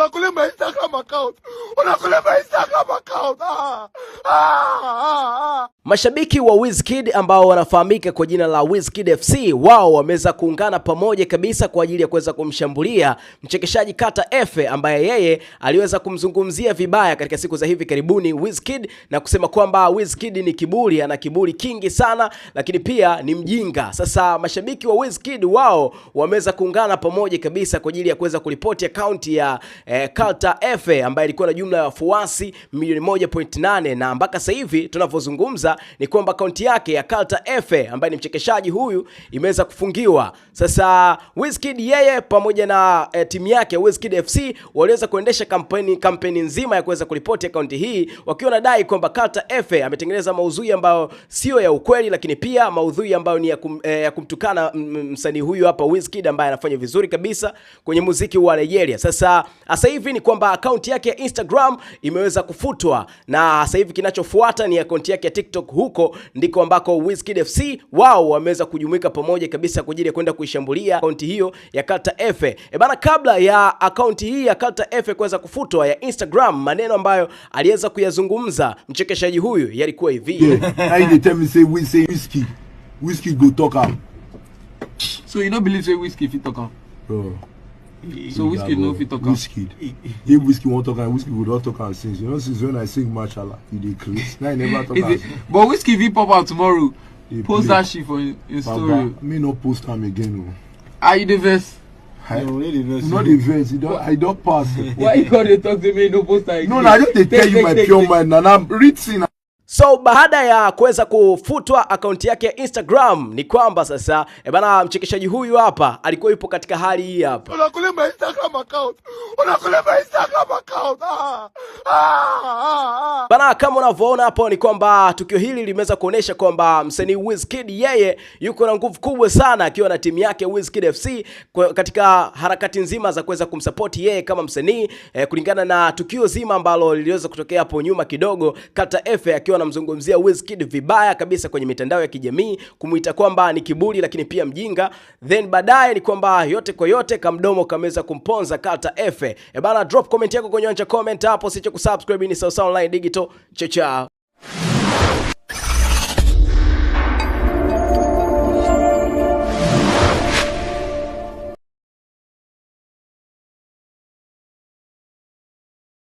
unakulemba Instagram account, unakulemba Instagram account. Ah, ah, ah. Mashabiki wa Wizkid ambao wanafahamika kwa jina la Wizkid FC wao wameweza kuungana pamoja kabisa kwa ajili ya kuweza kumshambulia mchekeshaji Kata Efe ambaye yeye aliweza kumzungumzia vibaya katika siku za hivi karibuni Wizkid na kusema kwamba Wizkid ni kiburi, ana kiburi kingi sana, lakini pia ni mjinga. Sasa mashabiki wa Wizkid wao wameweza kuungana pamoja kabisa kwa ajili ya kuweza kuripoti akaunti ya eh, Kata Efe ambaye ilikuwa na jumla ya wafuasi milioni 1.8 na mpaka sasa hivi tunavyozungumza ni kwamba akaunti yake ya Kalta Efe ambaye ni mchekeshaji huyu imeweza kufungiwa. Sasa Wizkid yeye pamoja na e, timu yake Wizkid FC waliweza kuendesha kampeni kampeni nzima ya kuweza kuripoti akaunti hii wakiwa nadai kwamba Kalta Efe ametengeneza maudhui ambayo sio ya ukweli, lakini pia maudhui ambayo ni ya, kum, e, ya kumtukana msanii huyu hapa Wizkid ambaye anafanya vizuri kabisa kwenye muziki wa Nigeria. Sasa sasa hivi ni kwamba akaunti yake ya Instagram imeweza kufutwa kuuzwa, na sasa hivi kinachofuata ni akaunti yake ya TikTok. Huko ndiko ambako Wizkid FC wao wameweza kujumuika pamoja kabisa kwa ajili ya kwenda kuishambulia akaunti hiyo ya Carter F. E bana, kabla ya akaunti hii ya Carter F kuweza kufutwa ya Instagram, maneno ambayo aliweza kuyazungumza mchekeshaji huyu yalikuwa hivi Bro. so whiskey no fit talk am Wizkid if Wizkid wan talk am whiskey go don talk am since you know since when I sing Machala you dey craze now you never talk am but Wizkid fit pop out tomorrow dey post that shit for im story. me no post am again o. Oh. are ah, you dey vex. no dey vex. no dey vex i don pass. why you come dey talk to me no post am again. no na i just dey tell you my pure mind na na read sin. So baada ya kuweza kufutwa akaunti yake ya Instagram ni kwamba sasa e bana, mchekeshaji huyu hapa alikuwa yupo katika hali hii hapa. Unakulemba Instagram account. Unakulemba Instagram account. Ah. Ah. Ah. ah. Bana, kama unavyoona hapo ni kwamba tukio hili limeweza kuonesha kwamba msanii Wizkid yeye yuko na nguvu kubwa sana akiwa na timu yake Wizkid FC katika harakati nzima za kuweza kumsupport yeye kama msanii eh, kulingana na tukio zima ambalo liliweza kutokea hapo nyuma kidogo Kata F akiwa na anamzungumzia Wizkid vibaya kabisa kwenye mitandao ya kijamii, kumuita kwamba ni kiburi lakini pia mjinga. Then baadaye ni kwamba yote kwa yote kamdomo kameweza kumponza kata efe. E bana, drop comment yako kwenye anja comment hapo, sicho kusubscribe. Ni sawa Online Digital, chao chao.